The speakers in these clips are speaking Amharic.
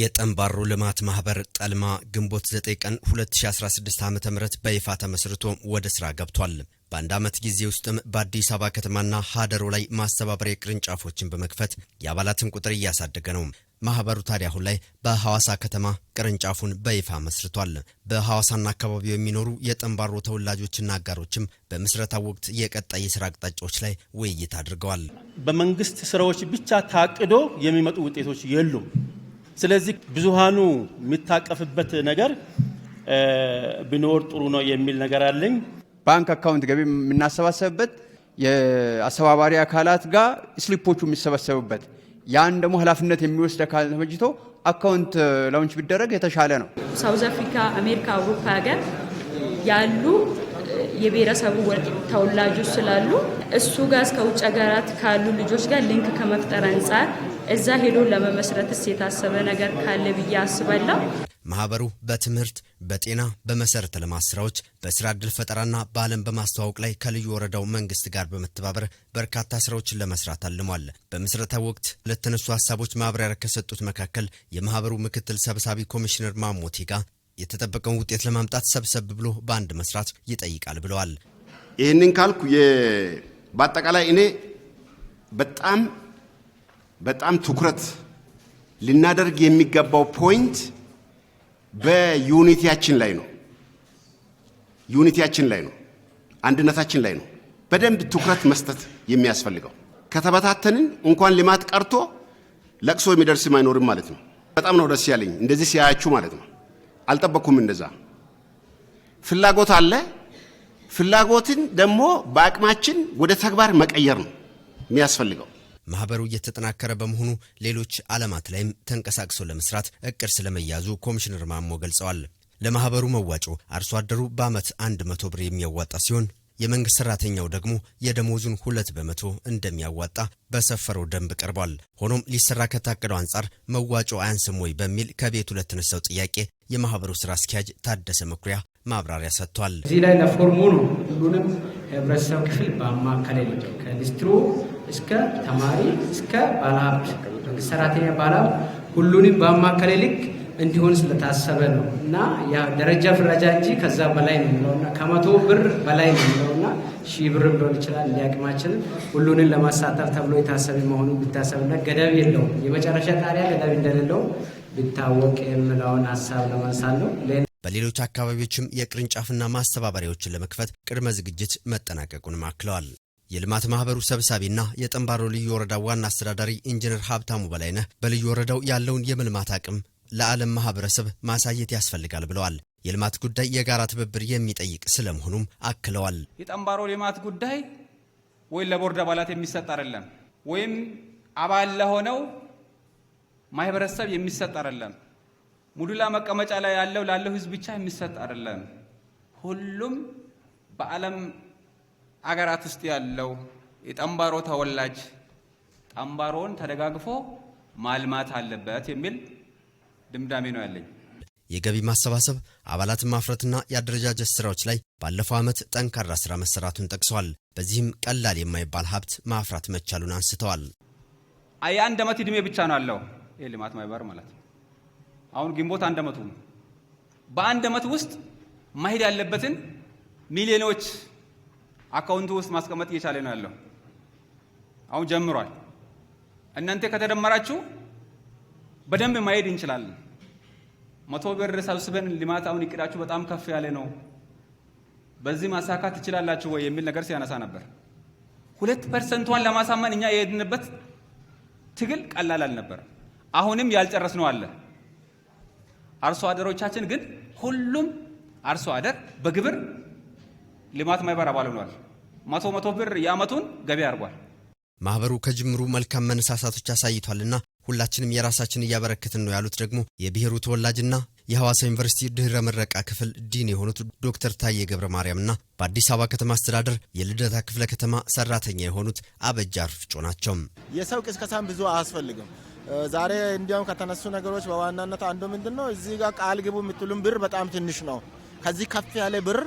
የጠንባሮ ልማት ማህበር ጠልማ ግንቦት 9 ቀን 2016 ዓ ም በይፋ ተመስርቶ ወደ ስራ ገብቷል። በአንድ ዓመት ጊዜ ውስጥም በአዲስ አበባ ከተማና ሀደሮ ላይ ማስተባበሪያ ቅርንጫፎችን በመክፈት የአባላትን ቁጥር እያሳደገ ነው። ማህበሩ ታዲያ አሁን ላይ በሐዋሳ ከተማ ቅርንጫፉን በይፋ መስርቷል። በሐዋሳና አካባቢው የሚኖሩ የጠንባሮ ተወላጆችና አጋሮችም በምስረታው ወቅት የቀጣይ የስራ አቅጣጫዎች ላይ ውይይት አድርገዋል። በመንግስት ስራዎች ብቻ ታቅዶ የሚመጡ ውጤቶች የሉም። ስለዚህ ብዙሃኑ የሚታቀፍበት ነገር ቢኖር ጥሩ ነው የሚል ነገር አለኝ። ባንክ አካውንት ገቢ የምናሰባሰብበት የአስተባባሪ አካላት ጋር ስሊፖቹ የሚሰበሰቡበት ያን ደግሞ ኃላፊነት የሚወስድ አካል ተመጅቶ አካውንት ላውንች ቢደረግ የተሻለ ነው። ሳውዝ አፍሪካ፣ አሜሪካ፣ አውሮፓ ሀገር ያሉ የብሔረሰቡ ተወላጆች ስላሉ እሱ ጋር እስከ ውጭ ሀገራት ካሉ ልጆች ጋር ሊንክ ከመፍጠር አንጻር እዛ ሄዶ ለመመስረትስ የታሰበ ነገር ካለ ብዬ አስባለሁ። ማህበሩ በትምህርት፣ በጤና፣ በመሰረተ ልማት ስራዎች፣ በስራ እድል ፈጠራና በዓለም በማስተዋወቅ ላይ ከልዩ ወረዳው መንግስት ጋር በመተባበር በርካታ ስራዎችን ለመስራት አልሟል። በምስረታ ወቅት ለተነሱ ሀሳቦች ማብራሪያ ከሰጡት መካከል የማህበሩ ምክትል ሰብሳቢ ኮሚሽነር ማሞቴጋ የተጠበቀውን ውጤት ለማምጣት ሰብሰብ ብሎ በአንድ መስራት ይጠይቃል ብለዋል። ይህንን ካልኩ በአጠቃላይ እኔ በጣም በጣም ትኩረት ልናደርግ የሚገባው ፖይንት በዩኒቲያችን ላይ ነው። ዩኒቲያችን ላይ ነው፣ አንድነታችን ላይ ነው በደንብ ትኩረት መስጠት የሚያስፈልገው። ከተበታተንን እንኳን ልማት ቀርቶ ለቅሶ የሚደርስም አይኖርም ማለት ነው። በጣም ነው ደስ ያለኝ እንደዚህ ሲያያችሁ ማለት ነው። አልጠበቅኩም እንደዛ። ፍላጎት አለ። ፍላጎትን ደግሞ በአቅማችን ወደ ተግባር መቀየር ነው የሚያስፈልገው። ማህበሩ እየተጠናከረ በመሆኑ ሌሎች ዓለማት ላይም ተንቀሳቅሶ ለመስራት እቅድ ስለመያዙ ኮሚሽነር ማሞ ገልጸዋል። ለማህበሩ መዋጮ አርሶ አደሩ በዓመት አንድ መቶ ብር የሚያዋጣ ሲሆን የመንግስት ሰራተኛው ደግሞ የደሞዙን ሁለት በመቶ እንደሚያዋጣ በሰፈረው ደንብ ቀርቧል። ሆኖም ሊሰራ ከታቀደው አንጻር መዋጮ አያንስም ወይ በሚል ከቤት ሁለት ተነሳው ጥያቄ የማህበሩ ስራ አስኪያጅ ታደሰ መኩሪያ ማብራሪያ ሰጥቷል። እዚህ ላይ ለፎርሙ ነው ሁሉንም ህብረተሰብ ክፍል በአማካል ከሚኒስትሩ እስከ ተማሪ እስከ ባለሀብት መንግስት ሰራተኛ ባለሀብት ሁሉንም በአማከለ ልክ እንዲሆን ስለታሰበ ነው እና ያ ደረጃ ፍረጃ እንጂ ከዛ በላይ ነው የሚለውና ከመቶ ብር በላይ ነው የሚለውና ሺህ ብር ሊሆን ይችላል። እንዲያቅማችን ሁሉንም ለማሳተፍ ተብሎ የታሰበ መሆኑን ቢታሰብና ገደብ የለውም የመጨረሻ ጣሪያ ገደብ እንደሌለው ቢታወቅ የምለውን ሀሳብ ለማንሳት ነው። በሌሎች አካባቢዎችም የቅርንጫፍና ማስተባበሪያዎችን ለመክፈት ቅድመ ዝግጅት መጠናቀቁን አክለዋል። የልማት ማህበሩ ሰብሳቢና የጠንባሮ ልዩ ወረዳ ዋና አስተዳዳሪ ኢንጂነር ሀብታሙ በላይነህ በልዩ ወረዳው ያለውን የምልማት አቅም ለዓለም ማህበረሰብ ማሳየት ያስፈልጋል ብለዋል። የልማት ጉዳይ የጋራ ትብብር የሚጠይቅ ስለመሆኑም አክለዋል። የጠንባሮ ልማት ጉዳይ ወይ ለቦርድ አባላት የሚሰጥ አይደለም፣ ወይም አባል ለሆነው ማህበረሰብ የሚሰጥ አይደለም፣ ሙዱላ መቀመጫ ላይ ያለው ላለው ህዝብ ብቻ የሚሰጥ አይደለም። ሁሉም በዓለም አገራት ውስጥ ያለው የጠምባሮ ተወላጅ ጠምባሮን ተደጋግፎ ማልማት አለበት የሚል ድምዳሜ ነው ያለኝ። የገቢ ማሰባሰብ አባላትን ማፍረትና የአደረጃጀት ስራዎች ላይ ባለፈው ዓመት ጠንካራ ስራ መሰራቱን ጠቅሰዋል። በዚህም ቀላል የማይባል ሀብት ማፍራት መቻሉን አንስተዋል። የአንድ ዓመት እድሜ ብቻ ነው አለው ይህ ልማት ማይባር ማለት አሁን ግንቦት አንድ ዓመቱ በአንድ ዓመት ውስጥ ማሄድ ያለበትን ሚሊዮኖች አካውንቱ ውስጥ ማስቀመጥ እየቻለ ነው ያለው። አሁን ጀምሯል። እናንተ ከተደመራችሁ በደንብ ማሄድ እንችላለን። መቶ ብር ሰብስበን ልማት አሁን እቅዳችሁ በጣም ከፍ ያለ ነው፣ በዚህ ማሳካት ትችላላችሁ ወይ የሚል ነገር ሲያነሳ ነበር። ሁለት ፐርሰንቷን ለማሳመን እኛ የሄድንበት ትግል ቀላል አልነበር። አሁንም ያልጨረስ ነው አለ። አርሶ አደሮቻችን ግን ሁሉም አርሶ አደር በግብር ልማት ማይበራ ባለ ሆኗል። መቶ መቶ ብር የአመቱን ገቢ አድርጓል። ማህበሩ ከጅምሩ መልካም መነሳሳቶች አሳይቷልና ሁላችንም የራሳችን እያበረከትን ነው ያሉት ደግሞ የብሔሩ ተወላጅና የሐዋሳ ዩኒቨርሲቲ ድህረ ምረቃ ክፍል ዲን የሆኑት ዶክተር ታዬ ገብረ ማርያምና በአዲስ አበባ ከተማ አስተዳደር የልደታ ክፍለ ከተማ ሰራተኛ የሆኑት አበጃ ርፍጮ ናቸው። የሰው ቅስቀሳን ብዙ አያስፈልግም። ዛሬ እንዲያውም ከተነሱ ነገሮች በዋናነት አንዱ ምንድን ነው፣ እዚህ ጋር ቃል ግቡ የምትሉን ብር በጣም ትንሽ ነው። ከዚህ ከፍ ያለ ብር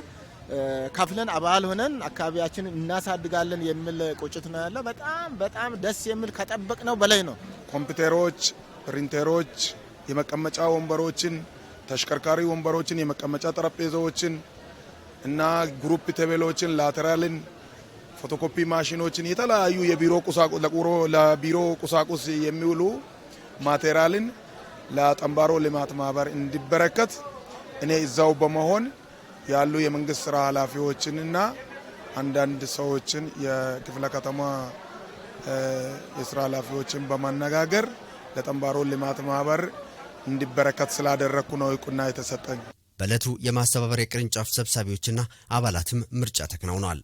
ከፍለን አባል ሆነን አካባቢያችን እናሳድጋለን የሚል ቁጭት ነው ያለው በጣም በጣም ደስ የሚል ነው በላይ ነው። ኮምፒውተሮች፣ ፕሪንተሮች፣ የመቀመጫ ወንበሮችን፣ ተሽከርካሪ ወንበሮችን፣ የመቀመጫ ጠረጴዛዎችን እና ግሩፕ ቴብሎችን፣ ላተራልን፣ ፎቶኮፒ ማሽኖችን፣ የተለያዩ የቢሮ ቁሳቁስ ለቢሮ ቁሳቁስ የሚውሉ ማቴሪያልን ለጠንባሮ ልማት ማህበር እንዲበረከት እኔ እዛው በመሆን ያሉ የመንግስት ስራ ኃላፊዎችንና አንዳንድ ሰዎችን የክፍለ ከተማ የስራ ኃላፊዎችን በማነጋገር ለጠንባሮ ልማት ማህበር እንዲበረከት ስላደረግኩ ነው እውቅና የተሰጠኝ። በእለቱ የማስተባበሪያ ቅርንጫፍ ሰብሳቢዎችና አባላትም ምርጫ ተከናውኗል።